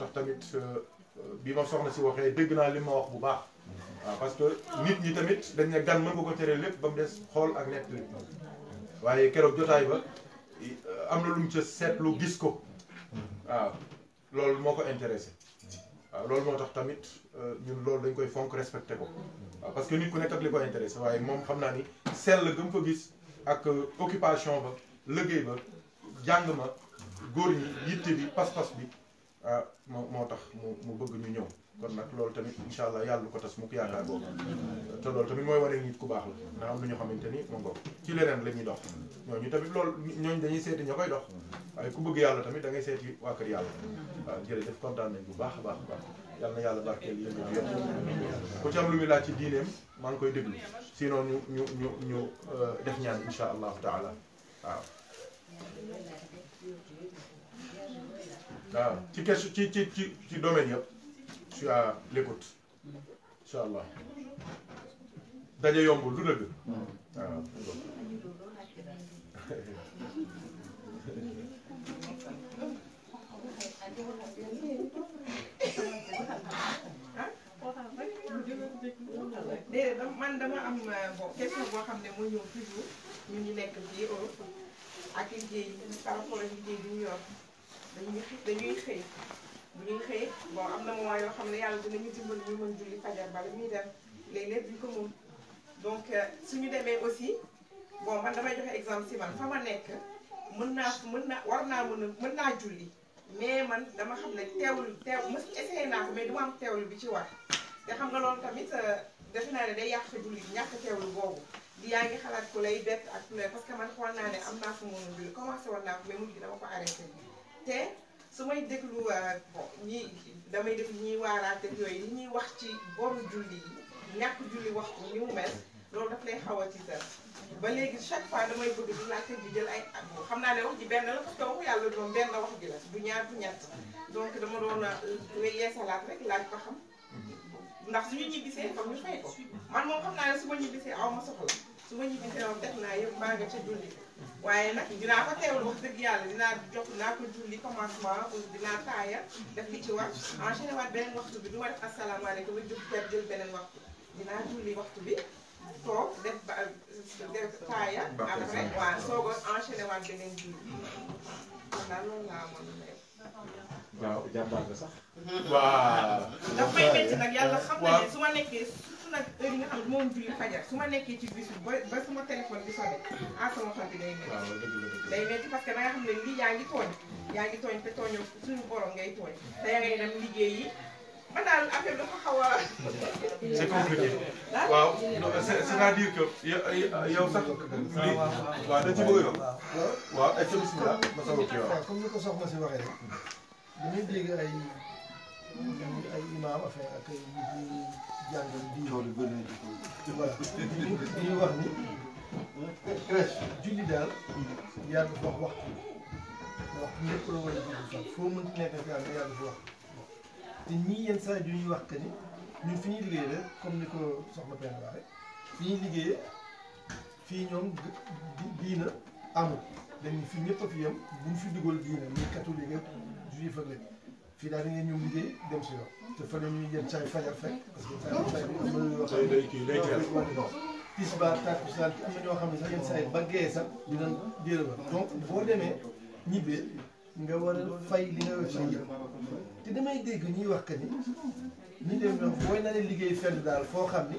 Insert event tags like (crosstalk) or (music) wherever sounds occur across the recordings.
tax tamit euh, euh, bi ma soxna ci waxe dégg naa li ma wax bu baax waaw parce que nit ñi tamit dañ ne gan mën ko teree lépp ba mu des xool ak nett li waaye keroog jotaay ba euh, am na lu mu ca seetlu gis ko waaw loolu moo ko intéressé waaw loolu moo tax tamit ñun loolu dañ koy fonk respecté ko waaw parce que nit ku nekk ak li ko intéressé waaye moom xam naa ni sell gëm fa gis ak occupation ba liggéey ba jàng ma góor ñi yitte bi pas-pas bi ah moo moo tax mu mu bëgg ñu ñëw kon nag loolu tamit incha allah yàlla ko tas mu ko yaakaar boobu te loolu tamit mooy waree nit ku baax la ndax am na ñoo xamante ni mu ngoog ci leneen la ñuy dox ñooñu tamit loolu ñooñu dañuy seeti ña koy dox waaye ku bëgg yàlla tamit da ngay seeti waa kër yàlla waaw ah, jërëjëf kontaan nañ bu baax a baax a baax yàlla na yàlla barkeel yéen ñu yëpp ku ci am lu muy laaj ci diineem maa ngi koy déglu sinon ñu ñu ñu ñu euh, def ñaan incha allahu taala waaw ci question ci ci ci ci domaine yëpp je suis à l'écoute incha allah daje yombul du dëgg waaw (laughs) déedéet da man dama am euh, bon question boo xam ne moo ñëw toujours ñu ngi nekk fii ak liggéey par rapport ak liggéey bi ñu yor dañuy dañuy xëy bu ñuy xëy bon am na moment yoo xam ne yàlla dinañu dimbali ñu mën julli fajar bala muy dem léeg-léeg duñ ko moom donc suñu demee aussi bon man damay joxe exemple si man fa ma nekk mën naa mën naa war naa mën a mën naa julli mais man dama xam ne teewlu teew mës essayé naa ko mais duma am teewlu bi ci war te xam nga loolu tamit defe naa ne day yàq julli ñàkk teewlu boobu di yaa ngi xalaat ku lay bett ak ku lay parce que man xool naa ne am naa fu mu mën a julli commencé woon naa ko mais mujj dama ko arrêté te su may déglu euh, bon ñii damay def ñuy waaraate yooyu li ñuy wax ci boru julli yi ñàkk julli wax ni mu mel loolu daf lay xaw a tiital ba léegi chaque fois damay bëgg di laajte di jël ay at xam naa ne wax ji benn la parce que yàlla doon benn wax ji la du ñaar du ñett donc dama doon euh, yeesalaat rek laaj ko xam ndax suñu ñibbisee comme ñu fay ko man moom xam naa ne su ma ñibbisee aw ma soxla su ma ñibbisee moom def naa yëpp maa nga ca julli waaye nag dinaa ko teewlu wax dëgg yàlla dinaa jox dinaa ko julli commencement dinaa taaya def li ci war enchaîné waat beneen waxtu bi du ma def asalaamaaleykum ba jub per jël beneen waxtu dinaa julli waxtu bi toog def ba def taaya après waaw soog a enchaîné waat beneen julli kon daal loolu laa amoon waaw jàmbaar nga sax. waaw. daf may métti nag yàlla xam na ne su ma nekkee. am na heure yi nga xam ne moom julli fajar su ma nekkee ci bis bi ba su ma téléphone bi sonné ah sama xol bi day métti day métti parce que da nga xam ne lii yaa ngi tooñ yaa ngi tooñ te tooñoo suñu borom ngay tooñ te yaa ngay dem liggéey yi daal affaire dafa xaw a (laughs) c'est compliqué waaw c'est-à-dire que yow sax li waaw sa bismillah ma sama kii waaw comme ni ko soxna si waxee ay imaam affaire ak ay ñuy jàngal diine. tool yi bëri nañu voilà dañuy wax ni crèche julli daal. yaa ngi wax waxtu bi waxtu lépp la war a julli sax foo mënti nekk ak yàlla yaa ngi fi wax te ñii yenn saa yi ñuy wax que ni ñun fi ñuy liggéey rek comme ni ko soxna Penda waxee fi ñuy liggéeyee fii ñoom diina amul dañuy fi ñëpp a fi yem bu ñu fi dugal diina muy catholique ak juif ak lépp. fii daal da ngeen ñëw liggéey dem si yoon te fële ñuy jël caay fajar fekk parce que caay fajar ñoo xam ne sax yenn saa yi ba gee sax dinañ jéeré ba donc boo demee ñibbee nga war fay li nga wax si yëpp te damay dégg ñuy wax que ni ñu dem booy na ne liggéey fenn daal foo xam ni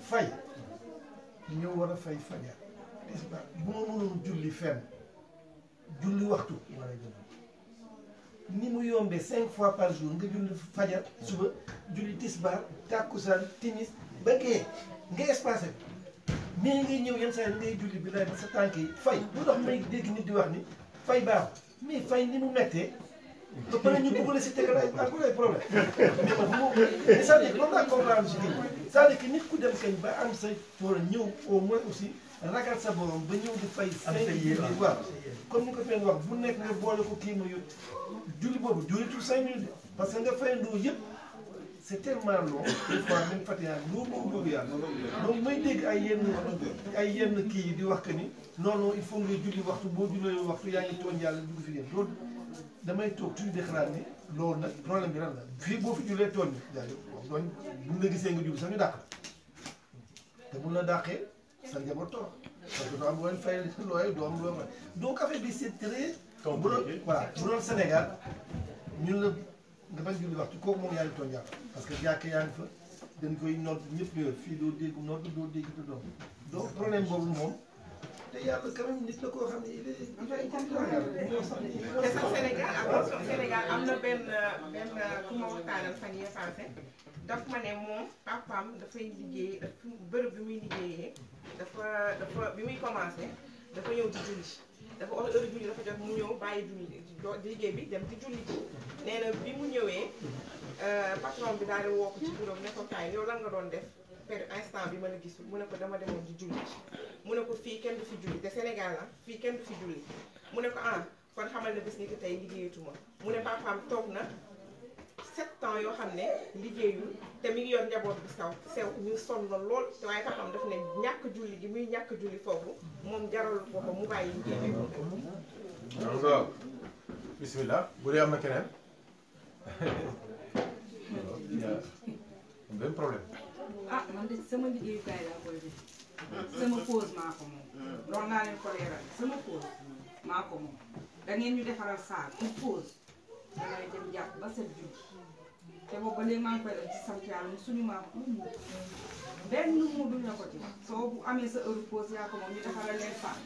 fay ñoo war a fay fajar tisbaar bu ma mënoon julli fenn julli waxtu ni mu yombee cinq fois par jour nga julli fajar suba julli tisbaar tàkkusaan timis ba gee nga espacé mais ngay ñëw yenn saa yi ngay julli bi laay ba sa tànk yi fay lu tax may dégg nit di wax ni fay baax mais fay ni mu mettee ba pare ñu bëgg si tegal ay encore ay problème mais c'est-à-dire loolu laa comprendre si kii nit ku dem kañ ba am sa pour ñëw au moins aussi ragal sa borom ba ñëw di fay. am sa yéen waaw comme ni ko feen nga boole boobu jullitul cinq minutes parce que nga fay ndóo yëpp c'est tellement long des fois loolu moo bëgg yàlla. dégg ay yenn ay kii yi di wax que ni non non il faut nga julli waxtu boo jullee waxtu yaa tooñ yàlla dugg fi dem loolu. damay toog tuuti di xalaat ni loolu nag problème bi lan la fii boo fi jullee tooñ jaajëf la gisee sa njaboot toog parce que doo am looy fay (laughs) looy doo bi c'est très. la nga bañ julli waxtu kooku moom yaa parce que jàkk yaa ngi ñëpp fii doo problème boobu moom. te yàlla quand même nit la koo xam ne il est. te Sénégal am na benn benn ku ma waxtaanal fan yee passé daf ma ne moom papaam dafay liggéey bërëb bi muy liggéeyee dafa dafa bi muy commencé dafa ñëw di julli dafa wax heure julli dafa jot mu ñëw bàyyi julli liggéey bi dem di julli ci nee bi mu ñëwee euh, patron bi daal di woo ko ci bureau ne ko kaay yow nga doon def. per instant bi man la gisul mu ne ko dama demoon di julli mu ne ko fii kenn du fi julli te Sénégal la fii kenn du fi julli mu ne ko ah kon xamal na bis ni que tey liggéeyatuma mu ne papaam toog na sept ans yoo xam ne liggéeyul te mi ngi yor njaboot bu saw sew ñu sonn lool te waaye papaam daf ne ñàkk julli gi muy ñàkk julli foofu moom jaral ko ko mu bàyyi liggéey bismillah bu dee am na keneen benn (laughs) problème ah man de sama liggéeyukaay laa koy def sama pause maa ko moom loolu naa leen ko leeral sama pause maa ko moom da ngeen ñu defaral saal pour pause damay dem jàpp ba set julli te boobu ba léegi maa ngi koy def ci sant yàlla suñu maam amul moom benn mu duñ la ko ci soo bu amee sa heure pause yaa ko moom ñu defal la leen fànn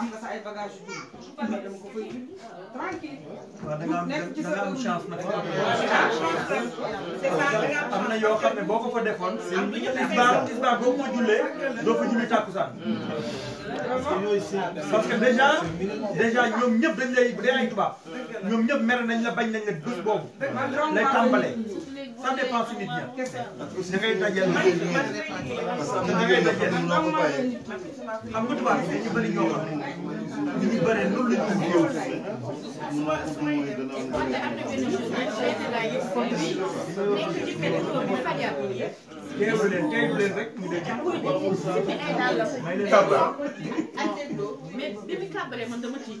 am nga sa ay bagages yu dugg nga dem ko fay julli tranquille. waaw da nga am ah, ah, da nga am chance nag. am na yoo xam ne boo ko fa defoon. am na yoo xam ne boo ko jullee doo fa julli tàkkusaan. Hmm. parce que déjà déjà ñoom ñëpp dañ lay bu dee ay tubaab. ñom ñep mer nañ la bañ nañ la bés bobu lay tambalé ça dépend si nit ña. da ngay dajeel da ngay dajeel xam nga tuba bi ñu bari ñoo xam ni ñu bëree loolu la ñu ñëw. ñu dégg. may leen kàbbal mais bi mu kàbbalee man dama tiit.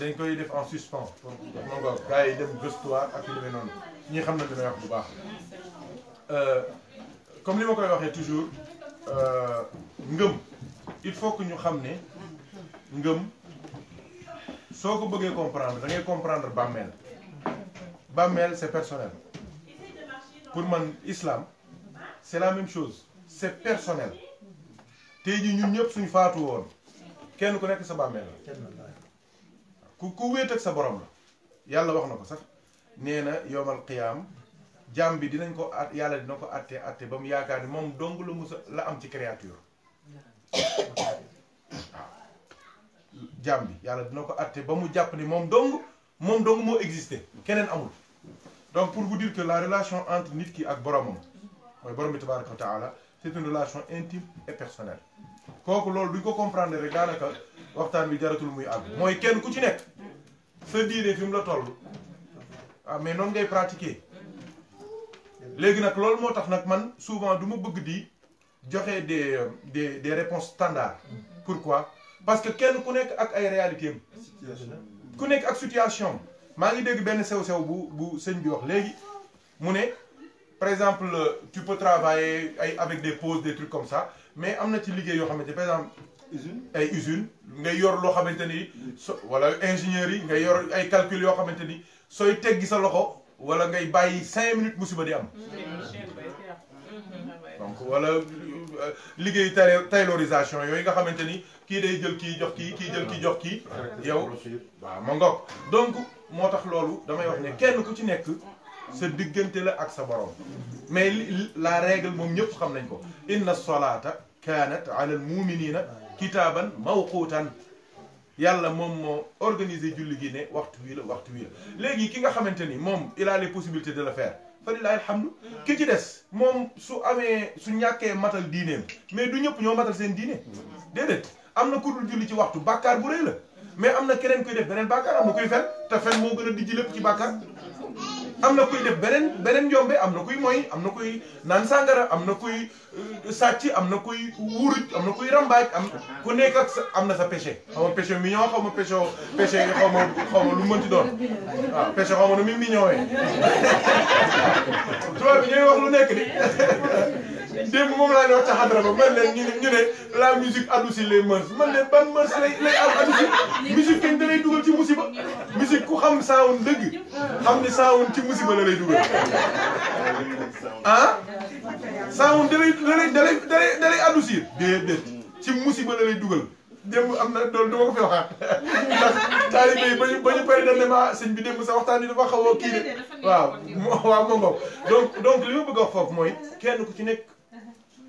dañ koy def en suspens ma nga gars yi dem gëstuwaat ak yu demee noonu ñi xam na damay wax bu baax euh, comme li ma koy waxee toujours euh, ngëm il faut que ñu xam ne ngëm soo ko bëggee comprendre da ngay comprendre bàmmeel bàmmeel c'est personnel pour man islam c'est la même chose c'est personnel tey jii ñun ñëpp suñ faatu woon kenn ku nekk sa bàmmeel la ku ku wéet ak sa borom la yàlla wax na ko sax nee na yowmal qiyaam jaam bi dinañ ko at yàlla dina ko atte atte ba mu yaakaar ni moom dong la musa la am ci créature waaw bi yàlla dina ko atte ba mu jàpp ni moom dong moom dong moo existé keneen amul donc pour vous dire que la relation entre nit ki ak boromam mooy borom bi tabaraka wa taala c'est une relation intime et personnelle kooku loolu duñ ko comprendre rek daanaka waxtaan bi jaratul muy àgg mooy kenn ku ci nekk ce diine fi la toll ah mais non ngay pratiquer légui nak loolu motax nak man souvent duma ma bëgg di joxé des des des réponses standard pourquoi parce que kenn ku nekk ak ay réalité am ku ak situation maa ngi dégg ben sew-sew bu bu sëñ bi wax légui mu par exemple tu peux travailler ay avec des pauses des trucs comme ça mais amna ci liggéey yo xamante par exemple usine ay usine nga yor lo xamanteni wala calculs, yi yor ay calcul yo xamanteni minutes musiba di am. donc wala euh, les taylorisation yoy nga xamanteni ki day jël ki jox ki ki jël ki jox ki yow ma donc motax lolu damay wax ne kenn ku ci sa la ak mais la règle mom ñepp xam nañ ko. inna kaanat ala almuminina kitaaban mawquutan yàlla moom moo organiser julli gi ne waxtu wii la waxtu wii la léegi ki nga xamante ni moom il a les possibilités de le faire fa lillahi alhamdu ki ci des moom su amee su ñàkkee matal diineem mais du ñëpp ñoo matal seen diine déedéet am na ku dul julli ci waxtu bàkkaar bu rëy la mais am na keneen kuy def beneen bàkkaar am na kuy fen te fen moo gën a di lépp ci bàkkaar am na kuy def beneen beneen njombe am na kuy moy am na kuy naan sàngara am na kuy euh, sàcc am na kuy wuruj am na kuy rambaaj ku nekk am na sa péché xaw ma péché mignon xaw ma péché péché xaw ma xaw ma doon waaw péché nu muy mignon wee (laughs) tubaab bi ñooy wax lu nekk di (laughs) démb moom laa ne wax ca xadra ba man leen ne ñu ne la musique adoucit les mœurs man leen ban mœurs lay lay adoucit musique kañ dugal ci musiba musique ku xam saawun dëgg xam ni saawun ci musiba la lay dugal ah saawun de lay da lay da lay da lay adoucir déedéet ci musiba la lay dugal démb am na loolu dama ko fi waxaat ndax taalibe yi ba pare dañ ne ma ah, sëñ bi démb sa waxtaan bi dafa xaw a kii de waaw waaw moom donc donc li ma bëgg a wax mooy kenn ku ci nekk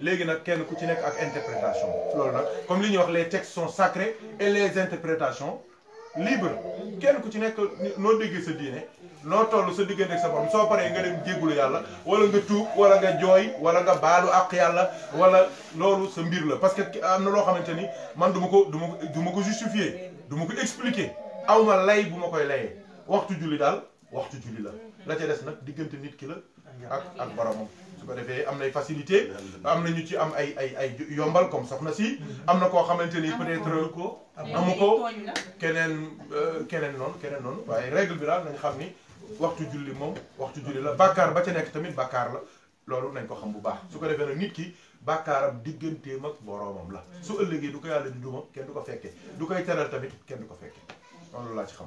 léegi nag kenn ku ci nekk ak interprétation loolu nag comme li ñuy wax les textes sont sacrés et les interprétations libres kenn ku ci nekk noo déggee sa diine noo toll sa diggante ak sa borom soo paree nga dem jéggulu yalla wala nga tu wala nga joy wala nga balu ak yalla wala lolu sa mbir la parce que amna lo xamanteni man duma ko duma ko du ko justifier duma ko expliquer awma lay buma koy laye waxtu julli dal waxtu julli la la ca dess nak diggante nit ki la ak ak boromam su ko defee am nay facilité am na ñu ci am ay ay ay yombal comme na si am na koo xamante ni peut-être ko amu ko keneen euh, keneen noonu keneen noonu waaye règle bi daal nañ xam ni waxtu julli moom waxtu julli la bàkkaar ba ca nekk tamit bàkkaar la loolu nañ ko xam bu baax su ko defee nag nit ki bàkkaaram digganteem ak boroomam la su ëllëgee du ko yàlla di duma kenn du ko fekkee du koy teral tamit kenn du ko fekkee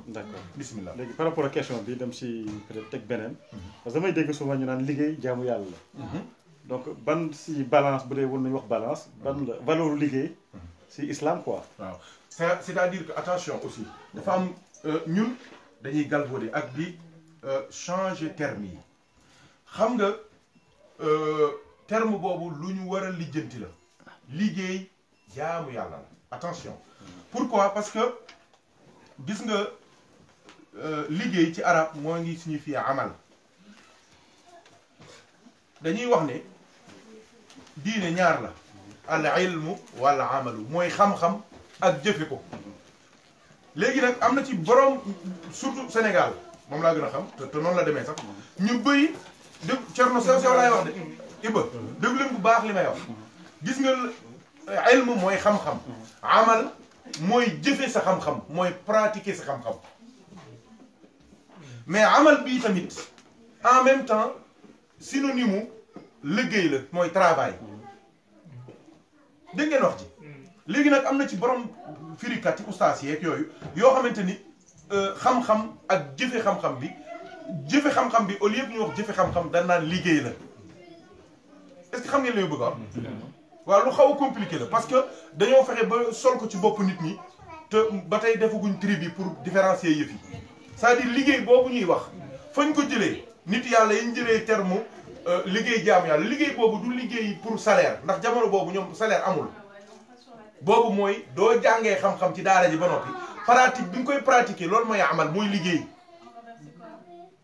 D'accord, par rapport mhm. la question mhm. donc balance balance. Mhm. valeur c'est islam quoi. cest à dire que attention aussi les femmes nous dañuy galvaudé ak euh, changer terme xam nga euh, terme attention. pourquoi parce que. gis nga liggéey ci arab moo ngi signifie amal dañuy wax ne diine ñaar la al ilmu wal amalu mooy xam-xam ak jëfe ko léegi nag am na ci borom surtout Sénégal moom laa gën a xam te te noonu la demee sax ñu bëri dé cerno Sew Sew laay wax de Iba déglu leen bu baax li may wax gis nga ilmu mooy xam-xam amal je jëfe sa xam-xam moy pratiquer sa xam-xam mais amal bi en même temps synonyme le la travail dégg ngeen wax ci léegi vous amna ci borom firikat yi euh, xam-xam ak xam-xam bi xam-xam bi au lieu ñu wax est-ce que xam ngeen lay voilà compliqué parce que nous tu ba sol ko ci nit te pour différencier les yi c'est-à-dire que boobu ñuy wax fañ ko nit yalla yi ñu terme euh, du pour salaire ndax salaire amul. bobu moy do jangé xam-xam ci daara ji ba pratique koy pratiquer amal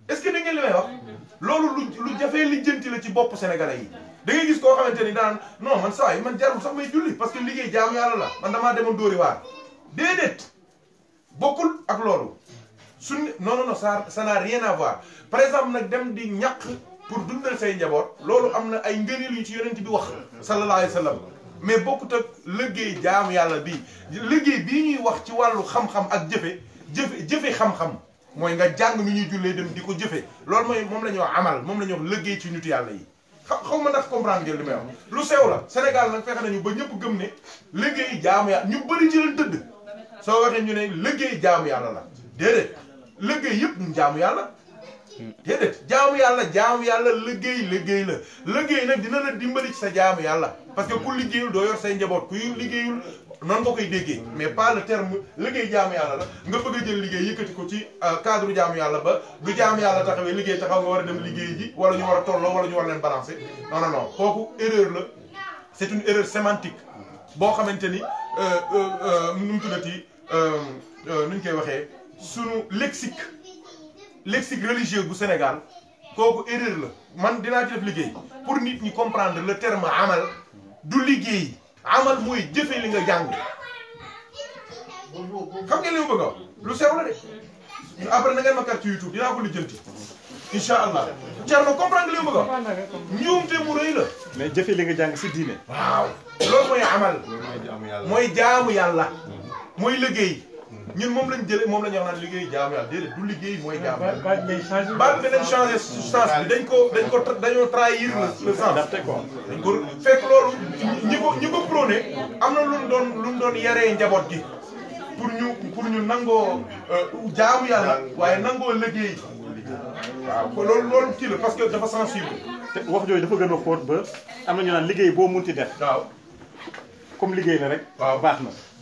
est-ce que da ngeen li may wax loolu lu lu jafee lijjanti la ci bopp sénégalais yi dangay ngay gis koo xamante ni daan non man saa man jarul sax may julli parce que liggéey jaamu yàlla la man damaa demoon dóori waar déedéet bokkul ak loolu su non non non ça ça n'a rien à par exemple nag dem di ñàq pour dundal say njaboot loolu am na ay ngëneel yu ci yonent bi wax sallallahu alayhi wa sallam mais bokkut ak liggéey jaamu yàlla bi liggéey bii ñuy wax ci wàllu xam ak jëfe jëfe jëfe xam mooy nga jàng nu ñuy jullee dem di ko jëfe loolu mooy moom la ñuy wax amal moom la ñuy wax liggéey ci nitu yàlla yi xaw xaw ma ndax comprendre ngeen li may wax lu sew la Sénégal nag fexe nañu ba ñëpp gëm ne liggéey jaamu yàlla ñu bëri ci lañ soo waxee ñu ne liggéey jaamu yàlla la déedéet liggéey yëpp ñu jaamu yàlla déedéet jaamu yàlla jaamu yàlla liggéey léggéey la liggéey nag dina la dimbali ci sa jaamu yàlla parce que ku liggéeyul doo yor say njaboot kuy liggéeyul noonu nga déggé mais pas le terme liguey jaamu yalla la nga bëgg jël liguey yëkëti ko ci euh, cadre jaamu yalla ba du jaamu yalla taxawé liguey taxaw nga wara dem liguey ji wala ñu wara tollo wala ñu wara leen balancer non non non kooku erreur la c'est une erreur sémantique bo xamanteni euh euh euh nu mu euh, euh nu ñu koy waxé suñu lexique lexique religieux bu Sénégal kooku erreur la man dina ci def liguey pour nit ñi comprendre le terme amal du liguey amal mooy jëfe li nga jàng xam ngeen li ma bëgg lu sew la de après na ma kàr ci YouTube dinaa ko lijjanti incha allah Thierno comprendre li ma bëgg a wax mu rëy la. mais jëfe li nga jàng si diine. waaw mooy amal. mooy jaamu yàlla. mooy liggéey. ñun moom lañ jëlee moom la ñu wax naan liggéey jaamu yàlla du liggéey mooy jaamu yàlla. baat bi day changé baat dañ changé dañ ko dañoo trahir le sens. dañ ko fekk loolu ñi ko ñi ko prôné am na lu doon lu doon yaree njaboot gi ñu pour ñu nangoo euh, jaamu yàlla waaye nangoo liggéey. waaw loolu loolu kii la parce que dafa sensible. te wax jooju dafa gën a ba am na liggéey boo munti def. waaw comme liggéey la rek. waaw baax na.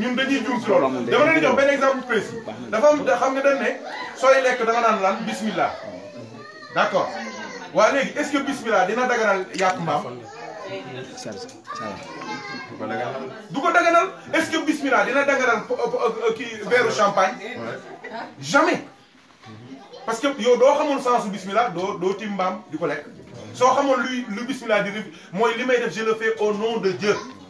ñun dañuy juum si loolu dama leen jox benn exemple précis dafa am xam nga dañ ne sooy lekk dama nga naan lan bismillah d'accord waa léegi est-ce que bismillah dina daganal yàpp mbaam du ko daganal est-ce que bismillah dina daganal euh, kii verre champagne jamais parce que yow doo xamoon sensu bismillah doo doo tim mbaam di ko lekk soo xamoon luy lu bismillah di mooy li may def je le fais au nom de Dieu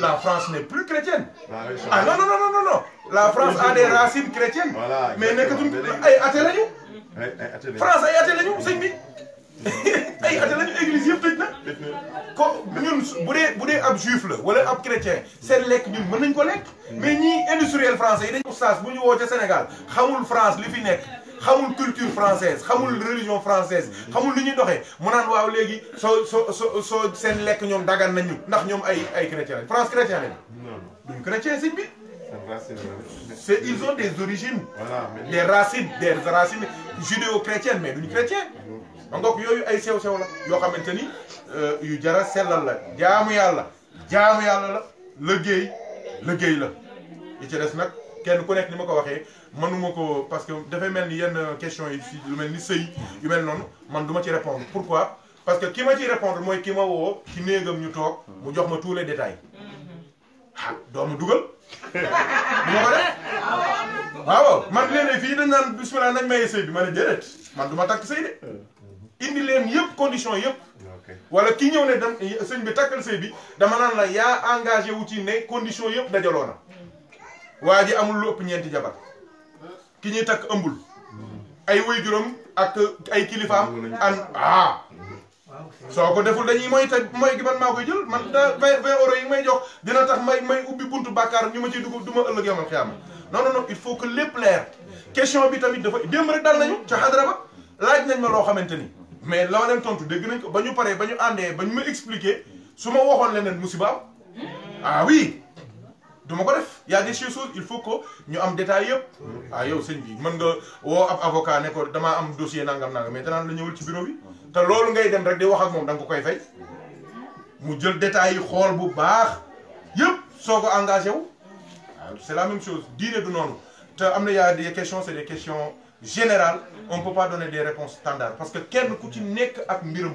la France n'est plus chrétienne. ah, ah non non non non non la France a des racines chrétiennes. mais nest ay France ay athée lañu sëñ bi ay (laughs) est église yëpp tëj na. juif chrétien c'est la ñun nous ko mm. mais ñii industriel français yi dañu. oustaz bu Sénégal xamul France li la culture française la religion française xamul niñu doxé mu naan waaw léegi so soo soo soo dagan nañu ndax ñom ay ay chrétien France c'est ils ont des origines. des racines des racines judéo-chrétiennes mais ils chrétien. donc Le gay, ay sew sew la yo xamanteni euh yu jara selal la jaamu yalla jaamu yalla la le la kenn ku ko je ko parce que dafay yenn question yi lu melni sey mel sais man duma ci répondre pourquoi parce que ki ma ne répondre pas ki ma wo ci ñu mu jox ma tous les détails mm-hmm. ah, doomu duggal (laughs) man bismillah bi Je ne man duma tak de mm-hmm. indi leen condition wala ki ñëw ne sëñ bi takkal sëy bi dama engagé wu ci ne condition mm-hmm. amul ki ñuy takk ëmbul ay way juróom ak ay kilifaam an ah soo ko deful dañuy mooy teg mooy gi man maa koy jël man da vingt vingt euros yi may jox dina tax may may ubbi buntu bàkkaar ñu ma ci dugg du ma ëllëg yomal xiyaama non non non il faut que lépp leer question bi tamit dafa démb rek dal nañu ca xadra ba laaj nañ ma loo xamante ni mais loo leen tontu dégg nañ ko ba ñu paree ba ñu àndee ba ñu ma expliqué su ma waxoon leneen musiba ah oui du ko def y a des choses il faut que ñu am détail yëpp. ah yow sëñ bi mën nga woo avocat ne ko damaa am dossier nangam nangam mais danaan la ñëwal ci bureau bi. Mhm. te loolu ngay dem rek di wax ak moom da nga ko koy fay. Mhm. mu jël détail yi xool bu baax yëpp soo engagé wu. Ah, c'est la même chose diine du noonu te am na y a des questions c'est des questions générales on peut pas donner des réponses standard parce que kenn ku ci nekk ak mbiram.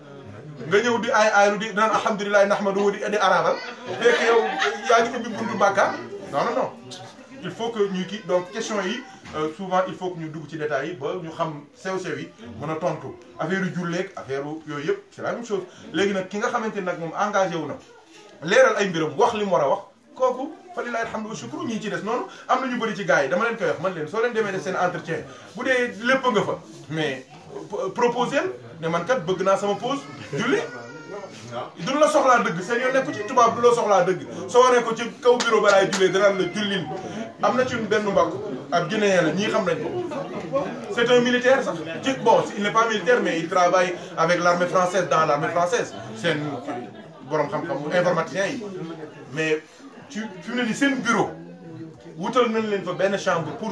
nga ñëw di aay aaylu di naan alhamdulilah nahmadu di di arabal fekk yow yaa ngi ubbi buntu bàkkaar non non non il faut que ñu kii donc question yi euh, souvent il faut que ñu dugg ci détails yi ba ñu xam sew-sew yi mën a tontu affaire yu julleeg affaire yooyu yëpp c'est la même chose léegi nag ki nga xamante nag moom engagé wu na leeral ay mbiram wax li mu war a wax kooku fa lillahi alhamdu wa shukru ñii ci des noonu am na ñu bëri ci gars yi dama leen koy wax man leen soo leen demee def seen entretien bu dee lépp fa mais proposé ne man kat sama la bureau c'est un militaire sax bon il n'est pas militaire mais il travaille avec l'armée française dans l'armée française c'est borom mais tu ne bureau wutal nañ leen fa benn chambre pour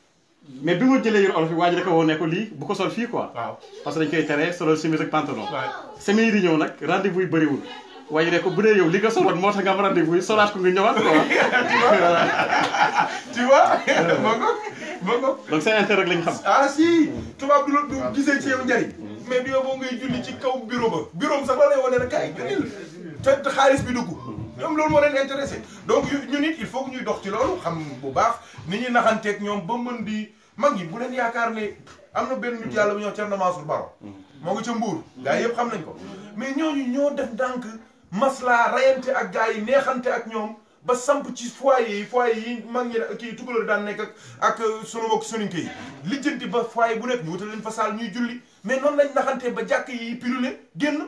mais bi mu jëlee yor olof yi waa ji da ko woon ne ko lii bu ko sol fii quoi. waaw parce que dañ koy tere solol chemise ak pantalon. waay di ñëw nag rendez-vous yi bëriwul. waaye ne ko bu dee yow li nga soloon moo tax nga am rendez-vous yi solaat ko nga ñëwaat quoi. (laughs) tu vois (laughs) (laughs) ma ngoog ma ngoog. donc c'est intérêt lañ xam. ah si tubaab du la du gisee ci yow njariñ. mais bi yow boo ngay julli ci kaw bureau ba. bureau bi sax la lay wane ne kaay. te xaalis bi dugg. ñoom loolu moo leen intéressé donc ñu nit il faut ñuy dox ci loolu xam bu baax ni ñuy naxanteeg ñoom ba mën di mag yi bu leen yaakaar ne am na benn nit yàlla bu ñoo Thierno Mansour Baro mm-hmm. moo ngi ca Mbuur yëpp xam nañ ko mais ñooñu ñoo def ndànk maslaa rayante ak gars yi neexante ak ñoom ba samp ci foyer yi foyer yi mag ñi kii tukulóor daan nekk ak ak sunu mbokk soninke yi lijjanti ba foyer bu nekk ñu wutal leen fa saal ñuy julli mais noonu lañ naxantee ba jàkk yi pilule génn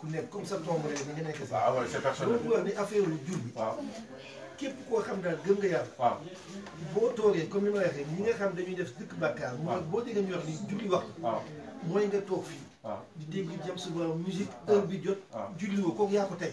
ku nekk comme sa tomb rek nga nekk si. waaw waaw c'est personnel wax ni affaire lu képp koo xam daal gëm nga yàlla. waaw boo toogee comme ni ma waxee ñi nga xam dañuy def dëkk bàkkaar. waaw boo déggee ñu wax ni julli wax. waaw mooy nga toog fii. waaw di déglu jëm suba musique heure bi jot. waaw julli woo kooku yaa ko tey.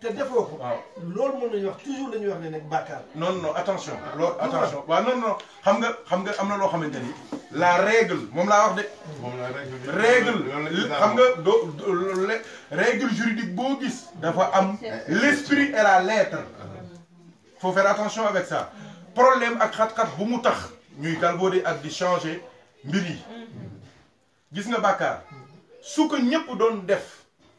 te defoo ko. waaw loolu moom la wax toujours la ñuy wax ne nag non non attention. Ah, loolu attention wa non non xam nga xam nga am na loo la règle moom laa wax de. la règle règle xam nga doo règle juridique boo gis. dafa am l'esprit et la lettre. faut faire attention avec ça problème ak xat-xat bu mu tax. ñuy galvaudé ak di changer mbir yi. gis nga bàkkaar su ko doon def.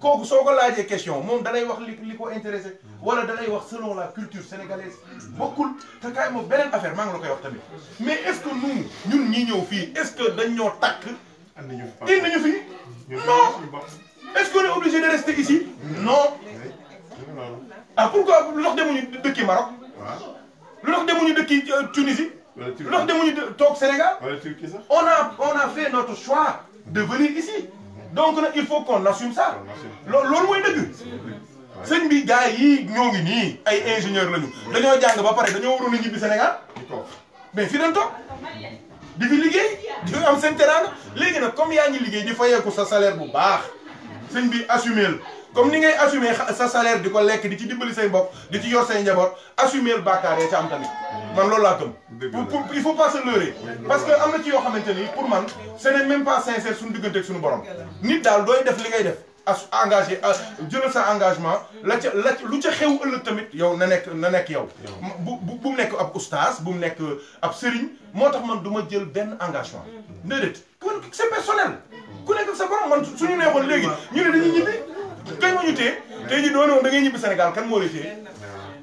kooku soo ko laajee question moom danay wax li li ko intéressé wala danay wax selon la culture sénégalaise bokkul te kaay moom beneen affaire maa ngi koy wax tamit mais est-ce que nous ñun ñi ñëw est-ce que dañ ñoo takk indi ñu fii non est-ce qu'on est obligé de rester ici non ah pourquoi lu tax de qui Maroc lu tax demuñu dëkki euh, Tunisie lu tax demuñu toog Sénégal on a on a fait notre choix de venir ici donc il faut qu'on assume ça C'est loolu dëgg yi ñoo ngi ingénieur lañu jàng ba Sénégal mais fi dañ di fi liggéey di am seen teraanga léegi nag comme yaa liggéey sa salaire bu baax sëñ bi assumer comme ni ngay sa salaire de lekk di ci man lo laa gëm. il faut pas se leurrer. parce que amna ci yo xamanteni pour man ce n'est même pas sincère sun diggante ak suñu borom. nit dal doy def li ngay def as engagé as sa engagement la ca lu ca xew ëllëg tamit yow na nek na nek yow. bu bu bu mu nekk ab oustaz bu mu nekk ab serigne motax man duma jël ben engagement. déedéet kon c'est personnel. ku nek ak sa borom man suñu neexoon léegi ñu ne dañuy ñibbi kañ ma ñu téye tey jii doone da ngay ñibbi Sénégal kan mo lay téye.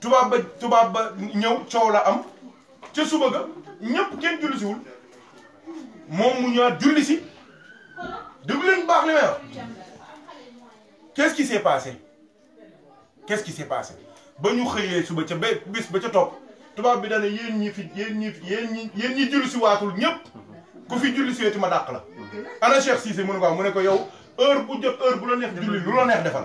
tuba ba tuba ba ñew ciow la am ci suba ga ñepp kenn julli wul mom mu ñaa julli si déglu leen bax li may wax qu'est-ce qui s'est passé qu'est-ce qui s'est passé ba ñu xeyé suba ca bis ba ca top tuba bi dana yéen ñi fi yéen ñi fi yéen ñi yeen ñi julli si waatul ñepp ku fi julli si wetu ma la ana Cheikh Cissé mu ne ko mu ne ko yow heure bu jot heure bu la neex julli lu la neex defal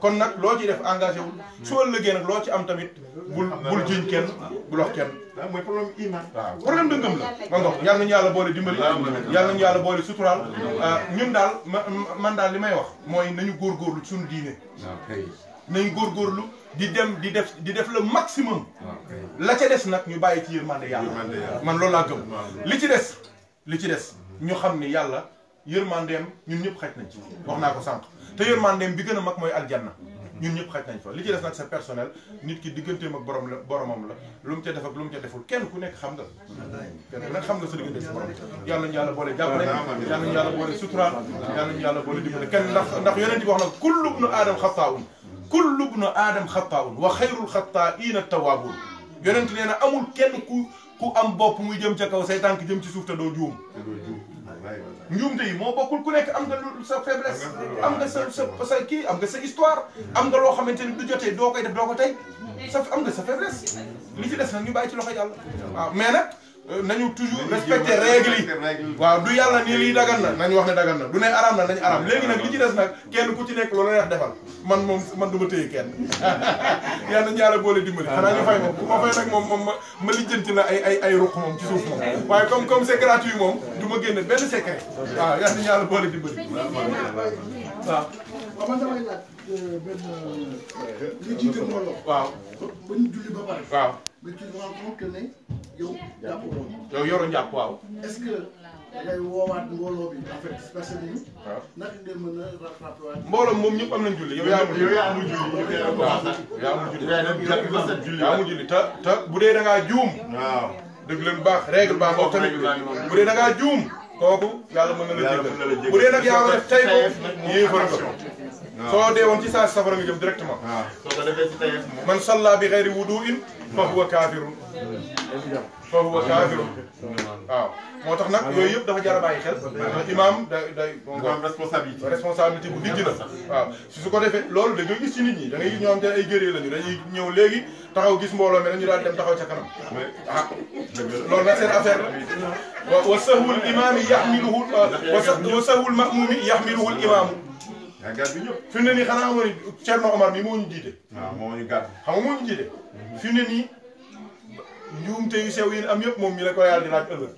kon nag loo ciy def engagé wul su ëllëgee nag loo ci am tamit bul bul jiñ kenn bul wax kenn. waaw ah, mooy problème iman waaw problème de ngëm la. ma ngox yal nañu yàlla boole dimbali. yal nañu yàlla boole suturaal. Ah, ñun daal ma man daal li may wax. mooy na nañu góorgóorlu ci suñu diine. góor góorgóorlu di dem di def di def le maximum. la ca des nag ñu bàyyi ci yërmande yàlla. man loolu laa gëm. li ci des li ci des ñu xam ni yàlla. yërmandeem ñun ñëpp xaj nañ ci wax naa ko sànq te yërmandeem bi gën a mag mooy aljanna ñun ñëpp xaj nañ fa li ci des nag c'est personnel nit ki digganteem ak borom la boromam la lu mu ca def ak lu mu ca deful kenn ku nekk xam nga kenn ku nekk xam nga sa diggante si borom yal nañu yàlla boole jàppale yal nañu yàlla boole sutural yal nañu yàlla boole dimbale kenn ndax ndax yonent bi wax na kullu bnu aadam xataawun kullu bnu aadam xataawun wa xayrul xataa'iina tawaabuun yonent nee na amul kenn ku ku am bopp muy jëm ca kaw say tànk jëm ci suuf te doo juum njuumte yi moo bokkul ku nekk am nga lu sa faiblesse am nga sa kii am nga sa histoire am nga loo xamante ni du jotee doo koy def doo ko tey am nga sa faiblesse li ci des nag ñu bàyyi ci loxo yàlla waaw mais nag Euh, nañu toujours respecté règle yi waaw du yàlla nii lii na nañu wax ne dagan na du ne araam na nañu araam léegi nag li ci des nag kenn ku ci nekk loolu neex defal man moom man du ma téye kenn (laughs) yàlla nañu boole dimbali xanaa ñu fay moom bu ma fay nag moom ma ma lijjanti la ay ay ay ruq moom ci suuf moom waaye comme comme c'est gratuit moom du ma génne benn secret waaw yàlla boole dimbali waaw benn nga waaw ba ñu julli ba pare. waaw mais tu te rends compte que ne yow jàpp yow waaw. ce que da ngay woowaat mbooloo bi en fait personne yi. waaw naka mbooloo moom ñu am nañ julli. yow yaa amul julli yow yaa amul julli yow yaa amul julli. yaa amul julli te te bu dee da ngaa juum. dëgg leen baax règle baax boobu tamit bu dee da ngaa juum. kooku yàlla mën na la jéggal bu dee nag yaa war a def tey ko صلاة وان تسعى السفر مجمع دركتما من صلى بغير وضوء فهو كافر فهو كافر موتخنا يويب دفع جارة باي خل امام دا دا responsabilité responsabilité بو ديجنا سي سوكو ديفي لول دا نيو سي نيت ني دا نيو اي غيري لا نيو دا نيو لغي تاخاو غيس مبولو مي دا ديم تاخاو تا كانام لول نا سين افير وسهو الامام يحمله وسهو الماموم يحمله الامام yaa gàddu ñëpp fi mu ne nii xanaa mooy Thierno Omar mi moo ñu jiite. waaw moo ñu gàddu xam nga moo ñu jiite. fi ne nii njuumte yu sew yi am yëpp moom mi la ko yàlla di laaj ëllëg.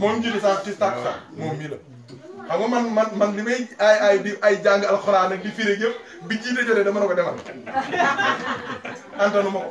moom jiite ci sax sax mi la. xam nga man man li may ay ay di ay jàng alxuraan ak di firi yëpp bi jiite jotee dama na ko demal (laughs) antanu ma ko.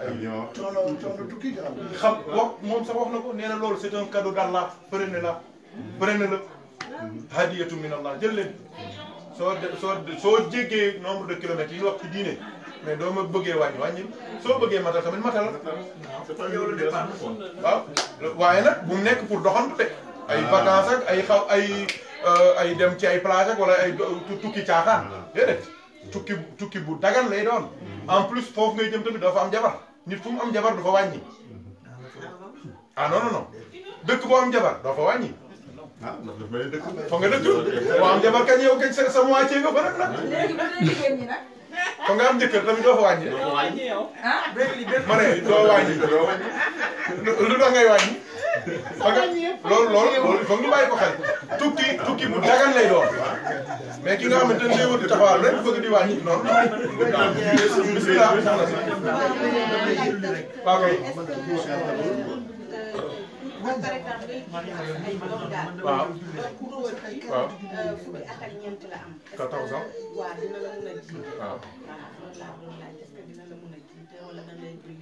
avion coono coono tukki mm. xam wax moom sax wax na ko nee na loolu c'est un cadeau d'Allah prenez-la prenez-le hadiyatu min jël leen soo de soo soo jéggee nombre de kilomètres yi ñu wax diine mais doo ma bëggee wàññi wàññi soo bëggee matal tamit matal la. yow la départ waaw. waaye nag bu nekk pour doxantu de. ay ah. vacances ay xaw ay euh, ay dem ci ay plage ak wala ay tukki caaxaan ah. déedéet. tukki tukki bu dagan lay doon mm-hmm. en plus foofu ngay jëm tamit dafa am jabar nit fu am jabar du fa wàññi mm-hmm. ah non non non dëkk boo am jabar doo fa wàññi ah ndax am jabar kañ yow kañ sa sa moitié nga ba rek am jëkkër tamit doo fa fa wàññi ah? ma ne doo wàññi. lu tax ngay wàññi. parce que loolu loolu loolu foog ñu bàyyi ko xel tukki tukki mu dagan lay doon mais ki nga xamante ne day wër di taxawal rek bëgg di wàññi noonu. bisimilah waaw kay. par exemple day ay doom daal. waaw ku wër tey fukki at ak ñeent la am. 14 ans waaw dina la mën a ji. waaw waaw loolu laa doon laaj est-ce que dina la mën a ji wala da ngay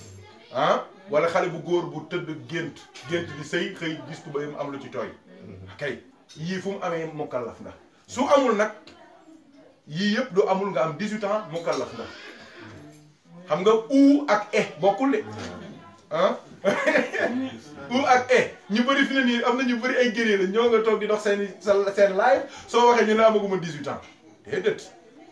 ah wala xale bu góor bu tëdd gént gént di sëy xëy gis ba mu am la ci tooy kay yii fu mu amee mukallaf nga su amul nag yii yëpp du amul nga am 18 ans mukallaf nga xam nga u ak e bokkul de ah (laughs) ak e ñu bëri fi ne nii am na ñu bëri ay gérée la ñoo nga toog di dox seen seen live soo waxee ñu ne amaguma 18 ans déedéet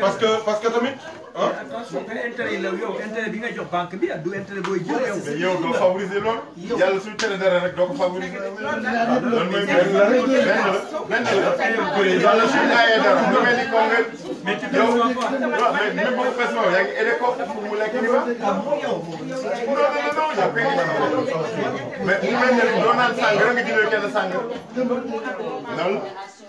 parce que parce que tamit. ah attention mais intérêt yi la yow intérêt bi nga jox banque bi du intérêt booy jël yow. mais yow doo favoriser loolu. yàlla suñu tere dara rek doo ko favoriser. Ah, loolu mooy benn la benn la. yàlla suñu laayee dara lu mel ni kon nga. yow waaw mais même boo ko fes yaa ngi aidé ko pour mu lekk ni ba. mais mu mel ne doo naan sàng rek nga jëlee kenn sàng. loolu.